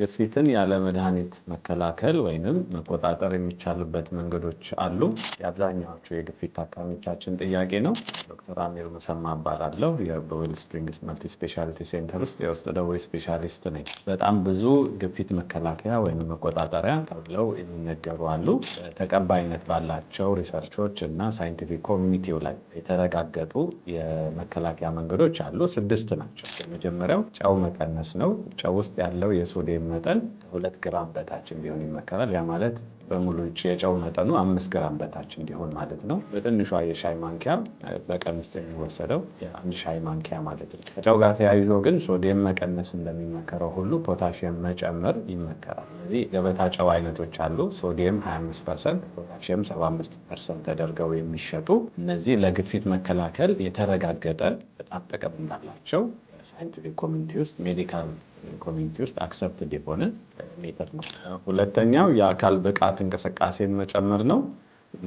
ግፊትን ያለ መድኃኒት መከላከል ወይንም መቆጣጠር የሚቻልበት መንገዶች አሉ? የአብዛኛዎቹ የግፊት ታካሚዎቻችን ጥያቄ ነው። ዶክተር አሚር ሙሰማ እባላለሁ። የበዌል ስፕሪንግስ መልቲ ስፔሻሊቲ ሴንተር ውስጥ የውስጥ ደዌ ስፔሻሊስት ነኝ። በጣም ብዙ ግፊት መከላከያ ወይም መቆጣጠሪያ ተብለው የሚነገሩ አሉ። ተቀባይነት ባላቸው ሪሰርቾች እና ሳይንቲፊክ ኮሚኒቲው ላይ የተረጋገጡ የመከላከያ መንገዶች አሉ። ስድስት ናቸው። የመጀመሪያው ጨው መቀነስ ነው። ጨው ውስጥ ያለው የሶዲየም መጠን ከሁለት ግራም በታች እንዲሆን ይመከራል። ያ ማለት በሙሉ የጨው መጠኑ አምስት ግራም በታች እንዲሆን ማለት ነው። በትንሿ የሻይ ማንኪያ በቀን ውስጥ የሚወሰደው የአንድ ሻይ ማንኪያ ማለት ነው። ከጨው ጋር ተያይዞ ግን ሶዲየም መቀነስ እንደሚመከረው ሁሉ ፖታሽየም መጨመር ይመከራል። ስለዚህ ገበታ ጨው አይነቶች አሉ። ሶዲየም 25 ፐርሰንት፣ ፖታሽየም 75 ፐርሰንት ተደርገው የሚሸጡ እነዚህ ለግፊት መከላከል የተረጋገጠ በጣም ጥቅም እንዳላቸው ሳይንቲፊክ ኮሚኒቲ ውስጥ ሜዲካል ኮሚኒቲ ውስጥ አክሰፕትድ የሆነ ሜተድ ነው። ሁለተኛው የአካል ብቃት እንቅስቃሴን መጨመር ነው።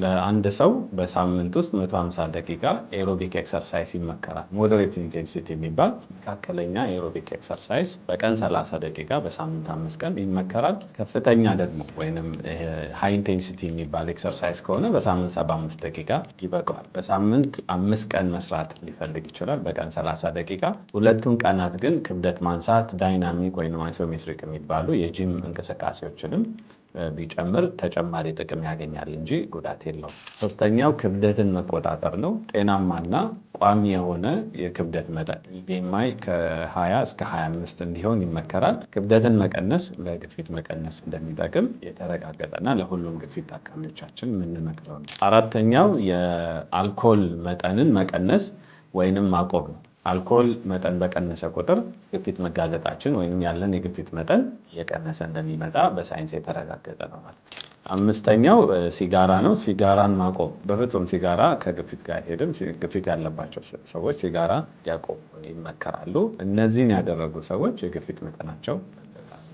ለአንድ ሰው በሳምንት ውስጥ 150 ደቂቃ ኤሮቢክ ኤክሰርሳይዝ ይመከራል። ሞደሬት ኢንቴንሲቲ የሚባል መካከለኛ ኤሮቢክ ኤክሰርሳይዝ በቀን 30 ደቂቃ በሳምንት አምስት ቀን ይመከራል። ከፍተኛ ደግሞ ወይም ሃይ ኢንቴንሲቲ የሚባል ኤክሰርሳይዝ ከሆነ በሳምንት 75 ደቂቃ ይበቃዋል። በሳምንት አምስት ቀን መስራት ሊፈልግ ይችላል፣ በቀን 30 ደቂቃ። ሁለቱን ቀናት ግን ክብደት ማንሳት፣ ዳይናሚክ ወይም አይሶሜትሪክ የሚባሉ የጂም እንቅስቃሴዎችንም ቢጨምር ተጨማሪ ጥቅም ያገኛል እንጂ ጉዳት የለውም። ሶስተኛው ክብደትን መቆጣጠር ነው። ጤናማና ቋሚ የሆነ የክብደት መጠን ቢኤምአይ ከ20 እስከ 25 እንዲሆን ይመከራል። ክብደትን መቀነስ ለግፊት መቀነስ እንደሚጠቅም የተረጋገጠና ለሁሉም ግፊት ጠቃሚዎቻችን የምንመክረው ነው። አራተኛው የአልኮል መጠንን መቀነስ ወይንም ማቆም ነው። አልኮል መጠን በቀነሰ ቁጥር ግፊት መጋለጣችን ወይም ያለን የግፊት መጠን እየቀነሰ እንደሚመጣ በሳይንስ የተረጋገጠ ነው ማለት ነው። አምስተኛው ሲጋራ ነው። ሲጋራን ማቆም በፍጹም ሲጋራ ከግፊት ጋር አይሄድም። ግፊት ያለባቸው ሰዎች ሲጋራ ያቆሙ ይመከራሉ። እነዚህን ያደረጉ ሰዎች የግፊት መጠናቸው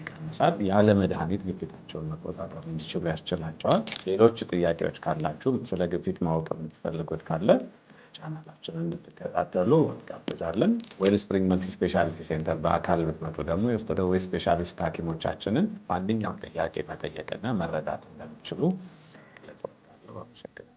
ይቀንሳል። ያለ መድኃኒት ግፊታቸውን መቆጣጠር እንዲችሉ ያስችላቸዋል። ሌሎች ጥያቄዎች ካላችሁ ስለ ግፊት ማወቅ የምትፈልጉት ካለ ቻናላችንን እንድትከታተሉ እንጋብዛለን። ዌል ስፕሪንግ መልቲ ስፔሻሊቲ ሴንተር በአካል ብትመጡ ደግሞ የውስጥ ስፔሻሊስት ሐኪሞቻችንን በአንደኛው ጥያቄ መጠየቅና መረዳት እንደምችሉ ለጸወታለ አመሰግናለሁ።